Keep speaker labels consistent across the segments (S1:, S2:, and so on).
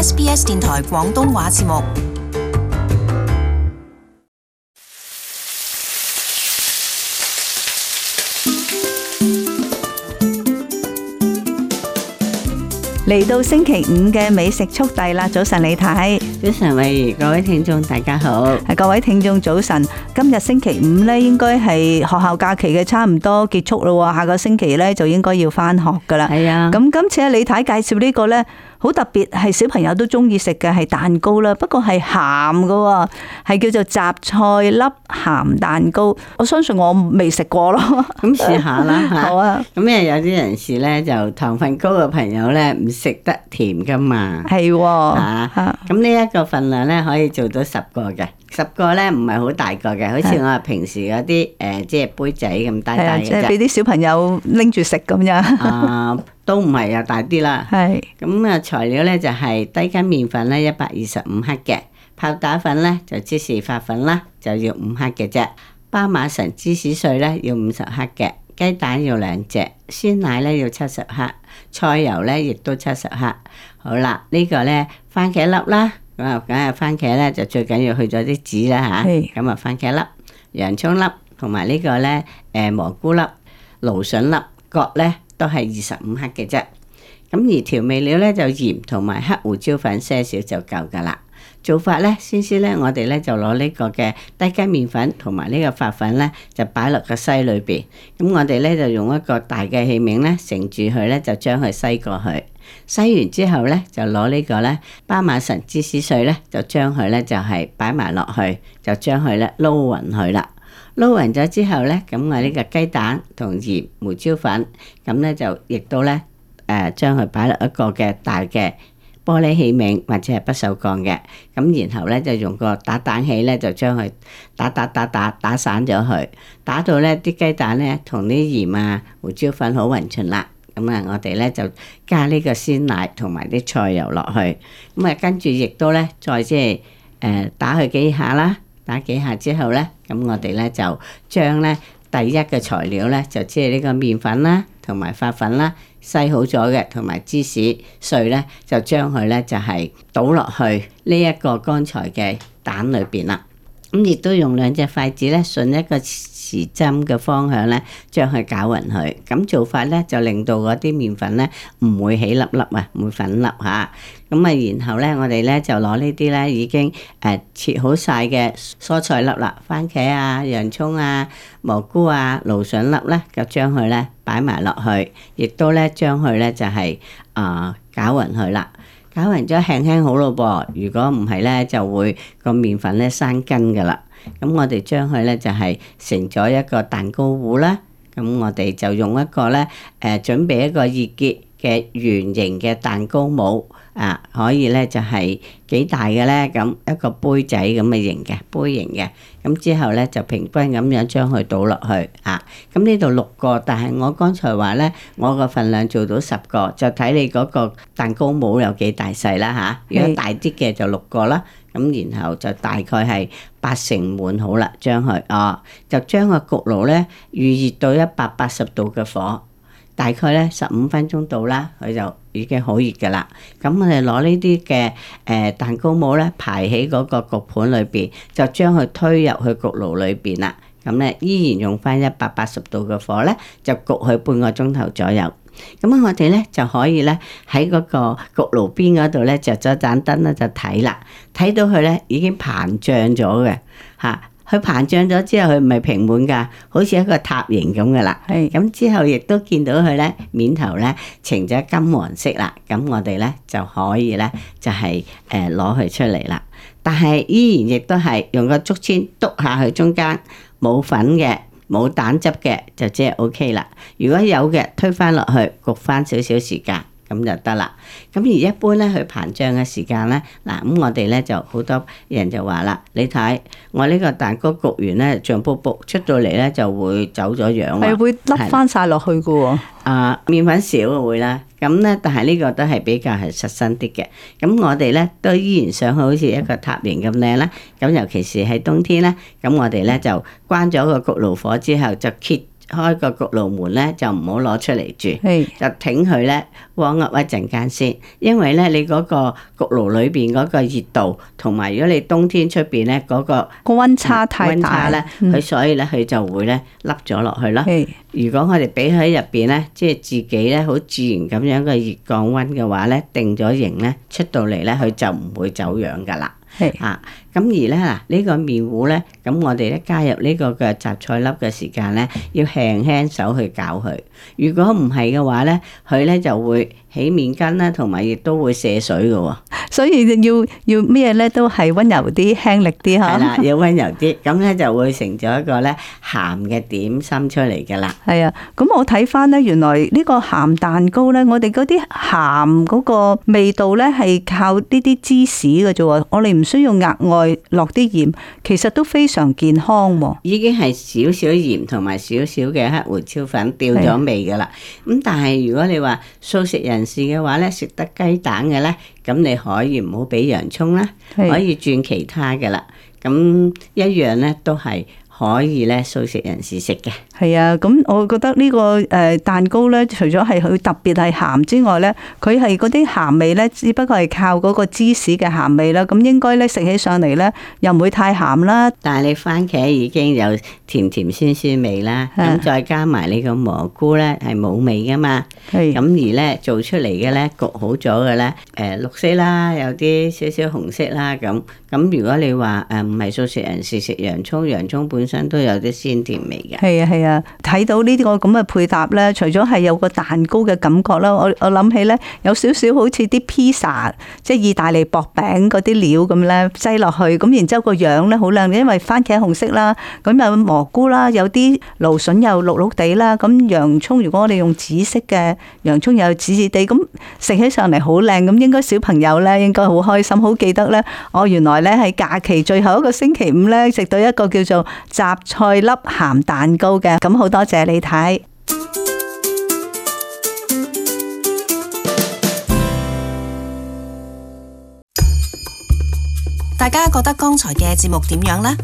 S1: SBS 電台廣東話節目，嚟到星期五嘅美食速遞啦！早晨你，你睇。早晨，喂！各位聽眾，大家好。係各位聽眾，早晨。今日星期五咧，應該係學校假期嘅差唔多結束咯。下個星期咧，就應該要翻學噶啦。係啊。咁今次咧，李太介紹呢個咧，好特別，係小朋友都中意食嘅，係蛋糕啦。不過係鹹噶，係叫做雜菜粒鹹蛋糕。我相信我未食過咯。咁試下啦，吓。好
S2: 啊。咁因為有啲人士咧，就糖分高嘅朋友咧，唔食得甜噶嘛。係喎。啊。咁呢一個份量咧，可以做到十個嘅，十個咧唔係好大個嘅，好似我平時嗰啲誒，即係的、呃、杯仔咁大大，低嘅俾啲
S1: 小朋友拎住食咁樣。啊、 呃，
S2: 都唔係又大啲啦。係咁啊，材料咧就係低筋麵粉咧一百二十五克嘅，泡打粉咧就芝士發粉啦，就要五克嘅啫。巴馬臣芝士碎咧要五十克嘅，雞蛋要兩隻，酸奶咧要七十克，菜油咧亦都七十克。好啦，這個、呢個咧番茄粒啦。咁啊，梗係番茄咧，就最緊要去咗啲籽啦吓，咁啊是，番茄粒、洋蔥粒同埋呢個咧，誒蘑菇粒、蘆筍粒，各咧都係二十五克嘅啫。咁而調味料咧，就鹽同埋黑胡椒粉些少就夠噶啦。做法咧，先先咧，我哋咧就攞呢個嘅低筋麵粉同埋呢個發粉咧，就擺落個篩裏邊。咁我哋咧就用一個大嘅器皿咧，盛住佢咧，就將佢篩過去。篩完之後咧，就攞呢個咧巴馬臣芝士碎咧，就將佢咧就係擺埋落去，就將佢咧撈勻佢啦。撈勻咗之後咧，咁我呢個雞蛋同鹽、胡椒粉，咁咧就亦都咧，誒、啊，將佢擺落一個嘅大嘅。玻璃器皿或者係不鏽鋼嘅，咁然後咧就用個打蛋器咧就將佢打打打打打散咗佢，打到咧啲雞蛋咧同啲鹽啊胡椒粉好混勻啦，咁、嗯、啊我哋咧就加呢個鮮奶同埋啲菜油落去，咁啊跟住亦都咧再即係誒打佢幾下啦，打幾下之後咧，咁、嗯、我哋咧就將咧第一個材料咧就即係呢個麵粉啦同埋發粉啦。篩好咗嘅，同埋芝士碎咧，就將佢咧就係倒落去呢一個剛才嘅蛋裏邊啦。咁亦都用兩隻筷子咧，順一個時針嘅方向咧，將佢攪勻佢。咁做法咧就令到嗰啲麵粉咧唔會起粒粒啊，唔會粉粒嚇。咁啊，然後咧，我哋咧就攞呢啲咧已經誒、呃、切好晒嘅蔬菜粒啦，番茄啊、洋葱啊、蘑菇啊、蘆筍粒咧，就將佢咧擺埋落去，亦都咧將佢咧就係啊攪勻佢啦。搞完咗輕輕好咯噃，如果唔係咧，就會個麵粉咧生根㗎喇。咁我哋將佢咧就係、是、成咗一個蛋糕糊啦。咁我哋就用一個咧誒、呃，準備一個熱結嘅圓形嘅蛋糕模，啊，可以咧就係、是、幾大嘅咧，咁一個杯仔咁嘅型嘅杯型嘅，咁、嗯、之後咧就平均咁樣將佢倒落去，啊，咁呢度六個，但係我剛才話咧，我個份量做到十個，就睇你嗰個蛋糕模有幾大細啦嚇，如果大啲嘅就六個啦，咁、啊、然後就大概係八成滿好啦，將佢，哦、啊，就將個焗爐咧預熱到一百八十度嘅火。大概咧十五分鐘到啦，佢就已經好熱㗎啦。咁我哋攞呢啲嘅誒蛋糕模咧排喺嗰個焗盤裏邊，就將佢推入去焗爐裏邊啦。咁咧依然用返一百八十度嘅火咧，就焗佢半個鐘頭左右。咁我哋咧就可以咧喺嗰個焗爐邊嗰度咧着咗盞燈咧就睇啦，睇到佢咧已經膨脹咗嘅嚇。佢膨脹咗之後，佢唔係平滿㗎，好似一個塔形咁㗎啦。咁、嗯、之後，亦都見到佢呢面頭呢呈咗金黃色啦。咁我哋呢就可以呢就係誒攞佢出嚟啦。但係依然亦都係用個竹籤篤下佢中間，冇粉嘅，冇蛋汁嘅，就即係 O K 啦。如果有嘅，推返落去焗返少少時間。咁就得啦。咁而一般咧，佢膨脹嘅時間咧，嗱咁我哋咧就好多人就話啦，你睇我呢個蛋糕焗完咧，脹卜卜出到嚟咧，就會走咗樣。係會凹翻晒落去噶喎。啊，麵、啊呃、粉少會啦。咁咧，但係呢個都係比較係實身啲嘅。咁我哋咧都依然上去好似一個塔形咁靚啦。咁尤其是喺冬天咧，咁我哋咧就關咗個焗爐火之後就揭。開個焗爐門咧，就唔好攞出嚟住，的就挺佢咧，放入一陣間先。因為咧，你嗰個焗爐裏邊嗰個熱度，同埋如果你冬天出邊咧嗰個個溫差太大咧，佢、嗯嗯、所以咧佢就會咧凹咗落去咯。的如果我哋俾佢喺入邊咧，即係自己咧好自然咁樣嘅熱降溫嘅話咧，定咗型咧，出到嚟咧，佢就唔會走樣噶啦。係是啊，咁而咧嗱，這個、麵，呢個麵糊咧，咁我哋咧加入呢個嘅雜菜粒嘅時間咧，要輕輕手去攪佢。如果唔係嘅話咧，佢咧就會起麵筋啦，同埋亦都會卸水噶、哦。
S1: 所以要要咩咧，都係温柔啲、輕力啲吓。係啦，
S2: 要温柔啲，咁咧就會成咗一個咧鹹嘅點心出嚟噶啦。
S1: 係啊， 咁我睇翻咧，原來呢個鹹蛋糕咧，我哋嗰啲鹹嗰個味道咧，係靠呢啲芝士嘅啫喎，我哋唔。需要額外落啲鹽，其實都非常健康啊。
S2: 已經係少少鹽同埋少少嘅黑胡椒粉調咗味噶啦。咁是但係如果你話素食人士嘅話咧，食得雞蛋嘅咧，咁你可以唔好俾洋葱啦，是可以轉其他嘅啦。咁一樣咧都係。可以咧素食人士食
S1: 嘅，係啊，咁我覺得呢個誒蛋糕咧，除咗係佢特別係鹹之外咧，佢係嗰啲鹹味咧，只不過係靠嗰個芝士嘅鹹味啦。咁應該咧食起上嚟咧，又唔會太鹹啦。但係你
S2: 番茄已經有甜甜酸酸味啦，咁是再加埋你個蘑菇咧係冇味噶嘛，係是，咁而咧做出嚟嘅咧焗好咗嘅咧，誒、呃、綠色啦，有啲少少紅色啦，咁咁如果你話誒唔係素食人士食洋
S1: 葱，洋葱本。都有啲鮮甜味嘅，係啊係啊，睇到呢個咁嘅配搭呢，除咗係有個蛋糕嘅感覺啦，我我諗起呢，有少少好似啲披薩，即係意大利薄餅嗰啲料咁呢，擠落去咁，然之後個樣呢好靚，因為番茄紅色啦，咁有蘑菇啦，有啲蘆筍又綠綠地啦，咁洋葱，如果我哋用紫色嘅洋葱又紫紫地，咁食起上嚟好靚，咁應該小朋友呢應該好開心，好記得呢。我原來呢，喺假期最後一個星期五呢，食到一個叫做。雜菜粒鹹蛋糕嘅，咁好多謝你睇。大家覺得剛才嘅節目點樣呢？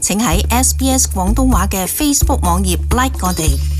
S1: 請喺 SBS 廣東話嘅 Facebook 網頁，like 我哋。